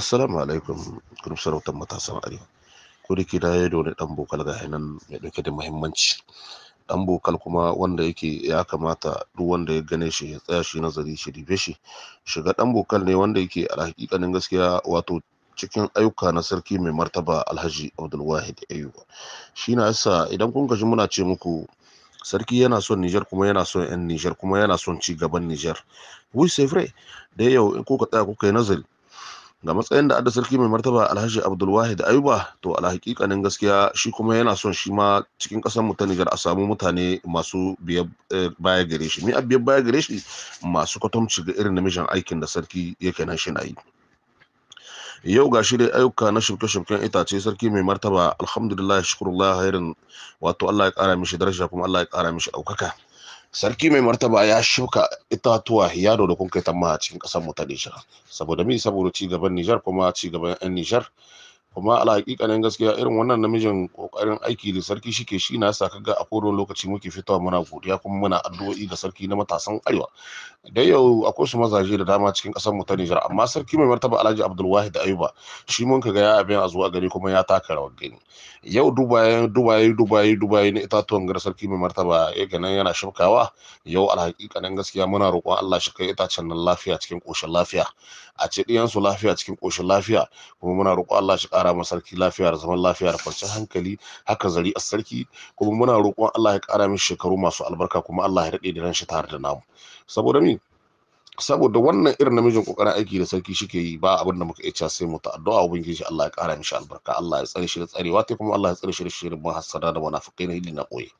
assalamu alaikum kurum sarautar matasan arewa ko da ke da ya dole dan bokal ga nan mai dauke da muhimmanci dan bokal kuma wanda yake ya kamata duk wanda ya gane shi ya tsaya shi nazari shi dibe shi shiga dan bokal ne wanda yake a hakikanin gaskiya wato cikin ayyuka na sarki mai martaba alhaji abdulwahid ayuba shi na yasa idan kun gaji muna ce muku sarki yana son Nijar kuma yana son 'yan Nijar kuma yana son ci gaban Nijar. Wui fure da yau ko ka tsaya kuka yi nazari ga matsayin da adda sarki mai martaba alhaji da ayuba to alhakikanin gaskiya shi kuma yana son shi ma cikin ƙasar mu ta nijar a samu mutane masu eh, baya gare shi mi abiyar baya gare shi masu kwatamci ga irin namijin aikin da sarki yake nan shi na yi yau ga shi dai ayyuka na shirke-shirken itace sarki mai martaba alhamdulillah shukurullah hairin wato allah ya kara mishi daraja kuma allah ya kara mishi ɗaukaka sarki mai martaba ya shuka itatuwa ya da kun kai tamma a cikin kasar mu ta Nijar saboda mi saboda ci gaban Nijar kuma ci gaban yan Nijar kuma ala hakikanin gaskiya irin wannan namijin kokarin aiki da sarki shike shi na sa kaga a kodon lokaci muke fitowa muna godiya kuma muna addu'o'i ga sarki na matasan arewa da yau akwai su mazaje da dama cikin kasar mu ta Nijar amma sarki mai martaba Alhaji Abdul Wahid Ayuba shi mun kaga ya abin a zuwa gari kuma ya taka rawar gani yau dubaye dubaye dubaye dubaye ne itatuwan gar sarki mai martaba ya nan yana shafkawa yau al hakikanin gaskiya muna roƙon Allah shi kai itacen nan lafiya cikin koshin lafiya a ce diyan su lafiya cikin koshin lafiya kuma muna roƙon Allah shi ƙara masa sarki lafiya da zaman lafiya da kwanciyar hankali haka zari a sarki kuma muna roƙon Allah ya ƙara mishi shekaru masu albarka kuma Allah ya daɗe da ran shi tare da namu saboda mi saboda wannan irin namijin kokarin aiki da sarki shike yi ba abin da muka iya sai mu ta addu'a ubangiji Allah ya kara mishi albarka Allah ya tsare shi da tsarewa ta kuma Allah ya tsare shi da shirin muhassada da munafikai na illi na koyi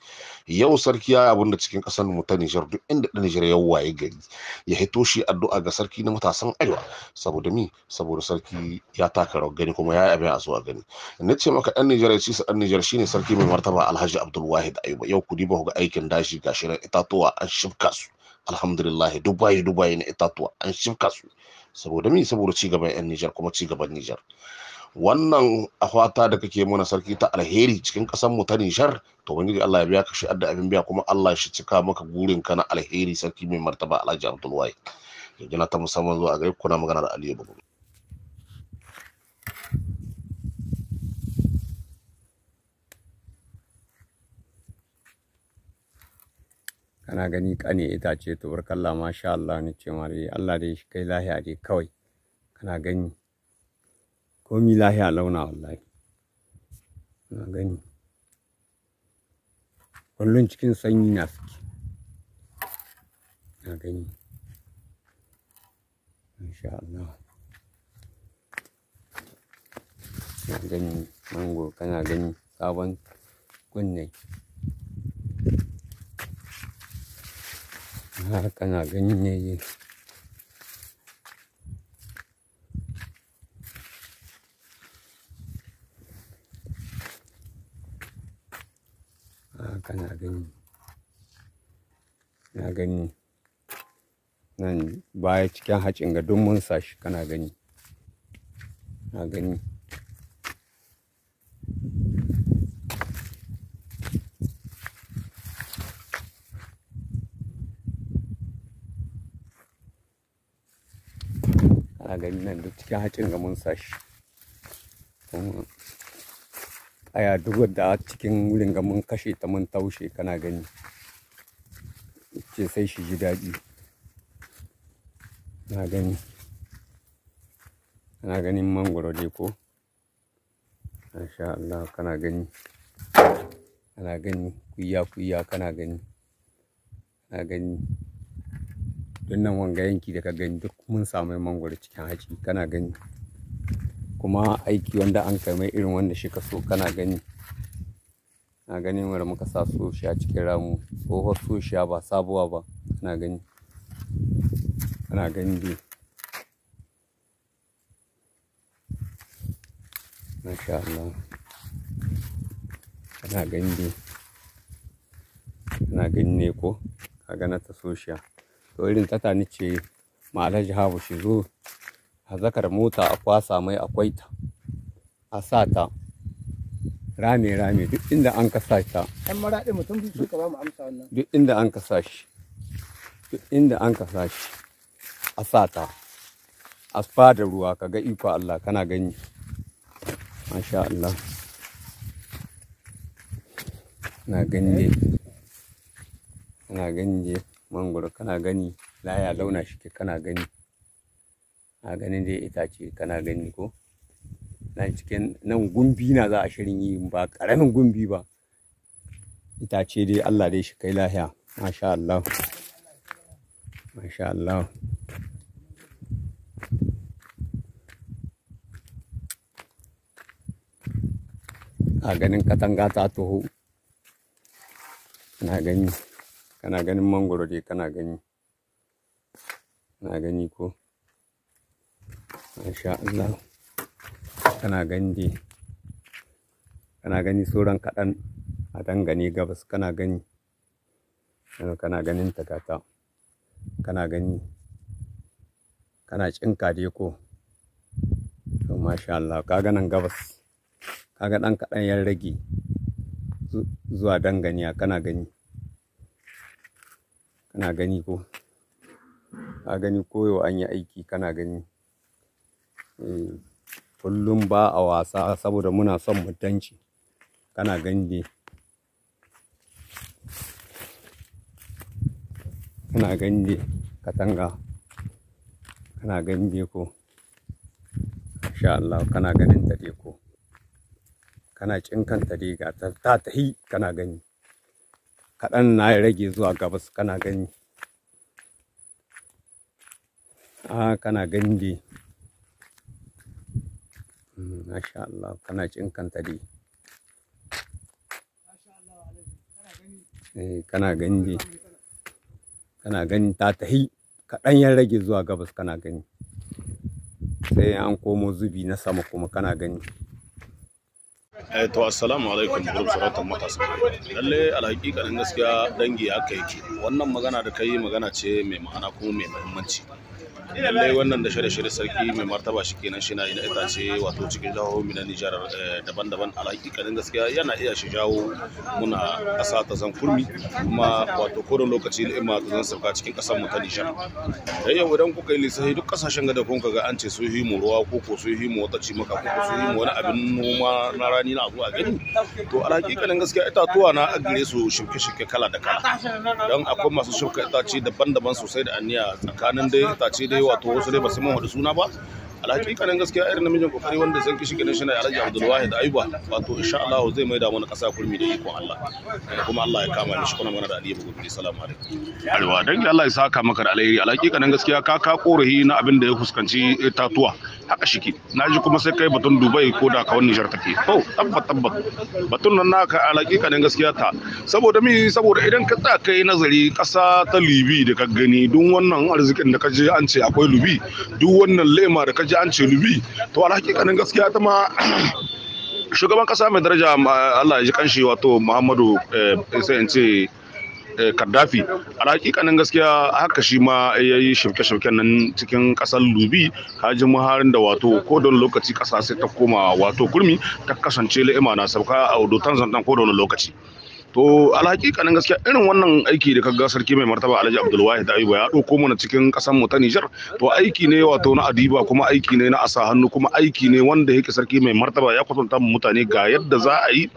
yau sarki ya abin da cikin kasar mu ta Niger duk inda da Niger ya waye gari ya hito shi addu'a ga sarki na matasan arewa saboda mi saboda sarki ya taka rawar gani kuma ya yi abin a zuwa gani na ce maka dan Niger ya ci sa dan Niger shine sarki mai martaba Alhaji Abdul Wahid Ayuba yau ku diba ga aikin dashi ga shirin itatuwa an shifka su alhamdulillah dubai dubayi na itatuwa an shifka su saboda mi saboda ci gaban yan nijar kuma ci gaban nijar wannan afata da kake mana sarki ta alheri cikin ƙasar mu ta Nijar to da Allah ya biya ka shi da abin biya kuma Allah shi cika maka gurin ka na alheri sarki mai martaba Alhaji Abdul Wahid yana ta musamman zuwa gare kuna magana da Aliyu Babu kana gani kane itace tubarkalla masha Allah ni ce ma dai Allah dai shi kai lahiya dai kawai kana gani komi lahiya launa wallahi kana gani kullun cikin sanyi na suke kana gani insha Allah kana gani mango kana gani sabon kunne har kana ganin yayi kana gani na gani nan baya cikin hacin ga duk mun sashi kana gani na gani gani nan duk cikin haƙin ga mun sashi aya duk da cikin wurin ga mun kashe ta mun taushe kana gani ce sai shi ji daɗi na gani kana ganin mangoro dai ko insha Allah kana gani kana gani kuya kuya kana gani kana gani don nan wanga yanki da ka gani duk mun samu mangwaro cikin haci kana gani kuma aiki wanda an kai mai irin wanda shi ka so kana gani na gani wanda muka sa a cikin ramu tsohon soshiya ba sabuwa ba kana gani kana gani dai masha Allah kana gani dai kana gani ne ko ka gana ta soshiya irin tata ni ce ma alhaji habu shi zo a zakar mota a kwasa mai akwai ta a sa ta rame rame duk inda an kasa ta an maraɗe mutum biyu suka ba mu amsa wannan duk inda an kasa shi duk inda an kasa shi a sa ta a fada ruwa ka ga iko Allah kana gani masha Allah na gani na gani mangoro kana gani laya launa shi kana gani a ganin dai itace kana gani ko nan cikin nan gumbi na za a shirin yi ba ƙaramin gumbi ba itace dai Allah dai shi kai lahiya masha Allah masha Allah a ganin katanga ta toho na gani kana ganin mangoro dai kana gani kana gani ko masha Allah kana gani dai kana gani sauran kaɗan a dangane gabas kana gani kana ganin takata kana gani kana cinka dai ko to masha Allah kaga nan gabas kaga ɗan kaɗan 'yan rage zuwa dangane kana gani kana gani ko ka gani koyo an yi aiki kana gani eh, kullum ba a wasa saboda muna son mutanci kana gani dai kana gani dai katanga kana gani dai ko insha Allah kana ganin ta dai ko kana cinkanta dai ga ta tahi kana gani kaɗan na ya rage zuwa gabas kana gani a kana gani dai hmm, masha Allah kana cinkanta dai eh, kana gani dai kana gani ta tahi kaɗan ya rage zuwa gabas kana gani sai an komo zubi na sama kuma kana gani Eh, to assalamu alaikum gurin sarautar matasa lalle alhaƙiƙanin gaskiya dangi aka yake wannan magana da kai magana ce mai ma'ana kuma mai muhimmanci lalle wannan da shirye shirye sarki mai martaba shi kenan shi na ina ce wato cikin jihohi na Nijar eh, daban-daban alhaƙiƙanin gaskiya yana iya shi jawo muna ƙasa ta zan kurmi kuma wato kodin lokaci ne ma zan sauka cikin kasar mu ta Nijar dan eh, yau idan kuka yi lissafi duk ƙasashen gada kun ga an ce su mu ruwa ko ko su wata cimaka maka ko su wani abin noma na rani amfani na abu a gani to a hakikalin gaskiya itatuwa na a gare su shirke shirke kala da kala don akwai masu shirka itace daban-daban sosai da anniya tsakanin dai itace dai wato wasu dai ba su mun suna ba alhaji kanin gaskiya irin namijin kokari wanda zan kishi ganin shi ne alhaji abdul wahid ayuba wato insha Allah zai maida mana kasa kurmi da ikon Allah kuma Allah ya kama ni shi kuma mana da aliyu gobe salamu alaikum alwa dan Allah ya saka maka da alheri alhaji kanin gaskiya ka ka korahi na abin da ya fuskanci tatuwa haka shiki naji kuma sai kai batun Dubai ko da ka wani jar to tabbat tabbat batun nan naka alhaji kanin gaskiya ta saboda mi saboda idan ka tsaka kai nazari kasa ta Libi da ka gani duk wannan arzikin da ka je an ce akwai Libi duk wannan lema da ka ji an ce lubi to hakikanin gaskiya ta ma shugaban kasa mai daraja Allah ya ji kanshi wato Muhammadu eh, sai in ce eh, Kaddafi a hakikanin gaskiya haka shi ma ya yi shirke-shirken nan cikin kasar Lubi kaji muharin da wato ko don lokaci kasa sai ta koma wato kurmi ta kasance la'ima na sauka a wadotan dan ko don lokaci to nan gaskiya irin wannan aiki da kaga sarki mai martaba alhaji abdulwahid ayuba ya ɗauko mana cikin ƙasar mu ta nijar to aiki ne wato na adiba kuma aiki ne na asa hannu kuma aiki ne wanda yake sarki mai martaba ya kwatanta mu mutane ga yadda za a yi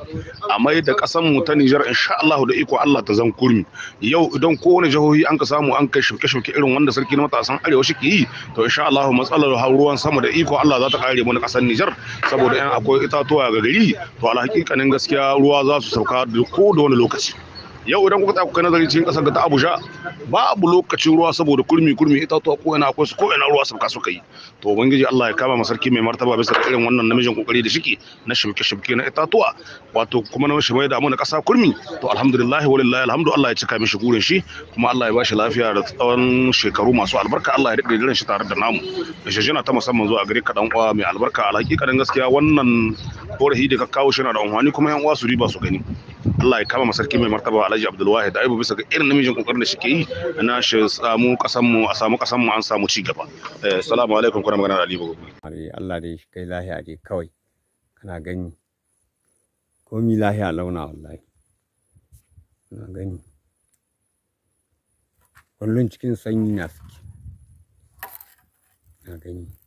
a mai da ƙasar mu ta nijar insha Allah da iko Allah ta zan kurmi yau idan kowane jihohi an ka samu an kai shauke-shauke irin wanda sarki na matasan arewa shi ke yi to insha Allah matsalar ruwan sama da iko Allah za ta kare mana ƙasar nijar saboda yan akwai itatuwa ga gari to nan gaskiya ruwa za su sauka ko da wani lokaci yau idan kuka tsaya nazari cikin kasar ta Abuja babu lokacin ruwa saboda kurmi kurmi itatuwa ko ina akwai su ko ina ruwa sabka suka yi to ubangiji Allah ya kama masarki mai martaba bisa irin wannan namijin kokari da shike na shimke shimke na itatuwa wato kuma na shimai da mu na kasa kurmi to alhamdulillah walillahi alhamdu Allah ya cika mishi gurin shi kuma Allah ya bashi lafiya da tsawon shekaru masu albarka Allah ya dade jiran shi tare da namu da shajina ta musamman zuwa gare ka dan uwa mai albarka kadan gaskiya wannan korahi da ka kawo shi na da unhwani kuma yan uwa su riba su gani Allah ya kama masarki mai martaba Alhaji Abdul Wahid aibu bisa ga irin namijin kokarin da shike yi na shi samu kasan mu a samu kasan mu an samu ci gaba eh, assalamu alaikum kuna magana da Ali Bago Allah dai shi kai lahiya dai kawai kana gani komi lahiya launa wallahi kana gani kullun cikin sanyi na suke kana gani